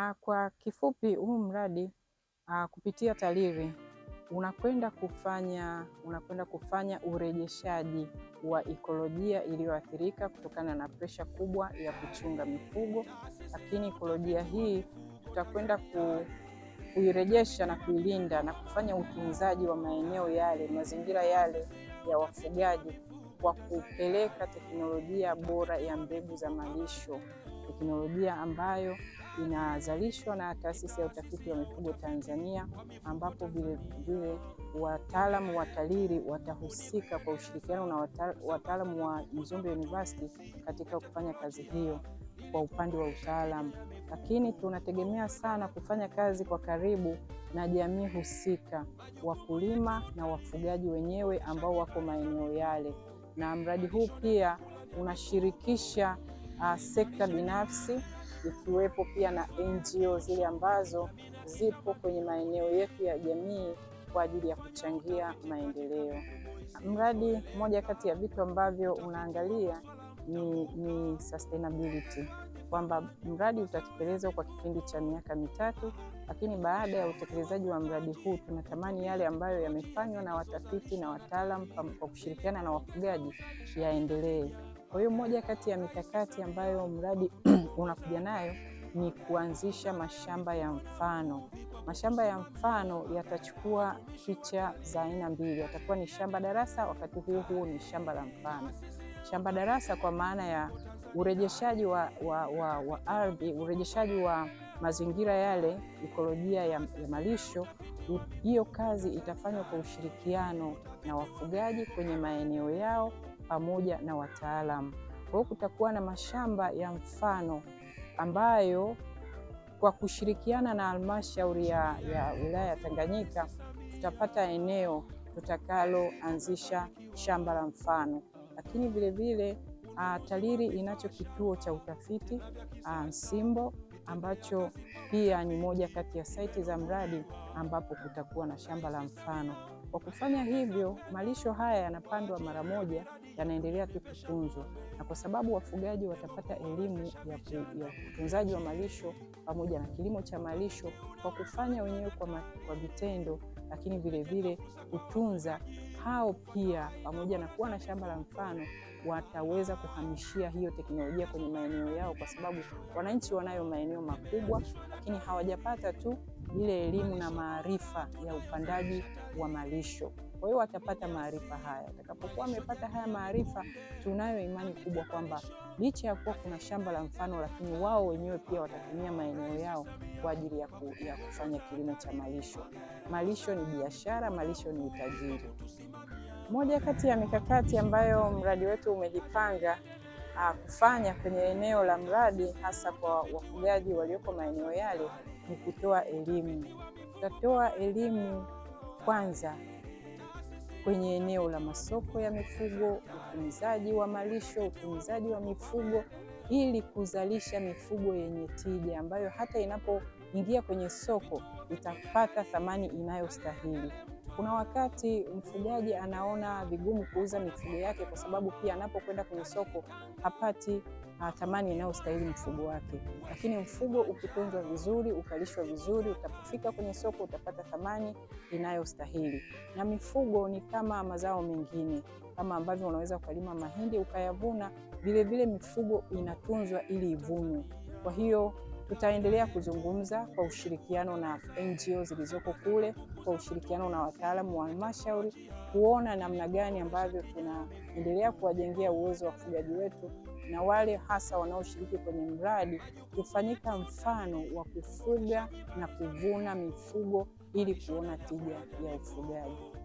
Ah, kwa kifupi, huu mradi ah, kupitia TALIRI unakwenda kufanya unakwenda kufanya urejeshaji wa ikolojia iliyoathirika kutokana na presha kubwa ya kuchunga mifugo, lakini ikolojia hii tutakwenda ku, kuirejesha na kuilinda na kufanya utunzaji wa maeneo yale, mazingira yale ya wafugaji kwa kupeleka teknolojia bora ya mbegu za malisho teknolojia ambayo inazalishwa na Taasisi ya Utafiti wa Mifugo Tanzania, ambapo vilevile wataalamu watalii watahusika kwa ushirikiano na wataalamu wa Mzumbe University katika kufanya kazi hiyo kwa upande wa utaalamu, lakini tunategemea sana kufanya kazi kwa karibu na jamii husika, wakulima na wafugaji wenyewe ambao wako maeneo yale, na mradi huu pia unashirikisha uh, sekta binafsi ikiwepo pia na NGO zile ambazo zipo kwenye maeneo yetu ya jamii kwa ajili ya kuchangia maendeleo. Mradi mmoja kati ya vitu ambavyo unaangalia ni, ni sustainability kwamba mradi utatekelezwa kwa kipindi cha miaka mitatu, lakini baada ya utekelezaji wa mradi huu tunatamani yale ambayo yamefanywa na watafiti na wataalamu kwa kushirikiana na wafugaji yaendelee. Kwa hiyo moja kati ya mikakati ambayo mradi unakuja nayo ni kuanzisha mashamba ya mfano. Mashamba ya mfano yatachukua picha za aina mbili, yatakuwa ni shamba darasa, wakati huo huo ni shamba la mfano. Shamba darasa kwa maana ya urejeshaji wa, wa, wa, wa ardhi, urejeshaji wa mazingira yale, ikolojia ya, ya malisho. Hiyo kazi itafanywa kwa ushirikiano na wafugaji kwenye maeneo yao pamoja na wataalamu. Kwa hiyo kutakuwa na mashamba ya mfano ambayo kwa kushirikiana na halmashauri ya, ya wilaya ya Tanganyika tutapata eneo tutakaloanzisha shamba la mfano, lakini vilevile TALIRI inacho kituo cha utafiti Nsimbo ambacho pia ni moja kati ya saiti za mradi ambapo kutakuwa na shamba la mfano. Kwa kufanya hivyo, malisho haya yanapandwa mara moja, yanaendelea tu kutunzwa, na kwa sababu wafugaji watapata elimu ya utunzaji wa malisho pamoja na kilimo cha malisho kwa kufanya wenyewe kwa, vitendo, lakini vilevile kutunza hao pia pamoja na kuwa na shamba la mfano wataweza kuhamishia hiyo teknolojia kwenye maeneo yao, kwa sababu wananchi wanayo maeneo makubwa, lakini hawajapata tu ile elimu na maarifa ya upandaji wa malisho. Kwa hiyo watapata maarifa haya. Watakapokuwa wamepata haya maarifa, tunayo imani kubwa kwamba licha ya kuwa kuna shamba la mfano, lakini wao wenyewe pia watatumia maeneo yao kwa ajili ya, ku, ya kufanya kilimo cha malisho. Malisho ni biashara, malisho ni utajiri. Moja kati ya mikakati ambayo mradi wetu umejipanga ah, kufanya kwenye eneo la mradi hasa kwa wafugaji walioko maeneo yale ni kutoa elimu. Tutatoa elimu kwanza kwenye eneo la masoko ya mifugo, utunzaji wa malisho, utunzaji wa mifugo ili kuzalisha mifugo yenye tija ambayo hata inapoingia kwenye soko itapata thamani inayostahili. Kuna wakati mfugaji anaona vigumu kuuza mifugo yake kwa sababu pia anapokwenda kwenye soko hapati ah, thamani inayostahili mfugo wake, lakini mfugo ukitunzwa vizuri, ukalishwa vizuri, utapofika kwenye soko utapata thamani inayostahili. Na mifugo ni kama mazao mengine, kama ambavyo unaweza ukalima mahindi ukayavuna, vilevile mifugo inatunzwa ili ivunwe. Kwa hiyo Tutaendelea kuzungumza kwa ushirikiano na NGO zilizoko kule, kwa ushirikiano na wataalamu wa halmashauri kuona namna gani ambavyo tunaendelea kuwajengea uwezo wa wafugaji wetu na wale hasa wanaoshiriki kwenye mradi kufanyika mfano wa kufuga na kuvuna mifugo ili kuona tija ya ufugaji.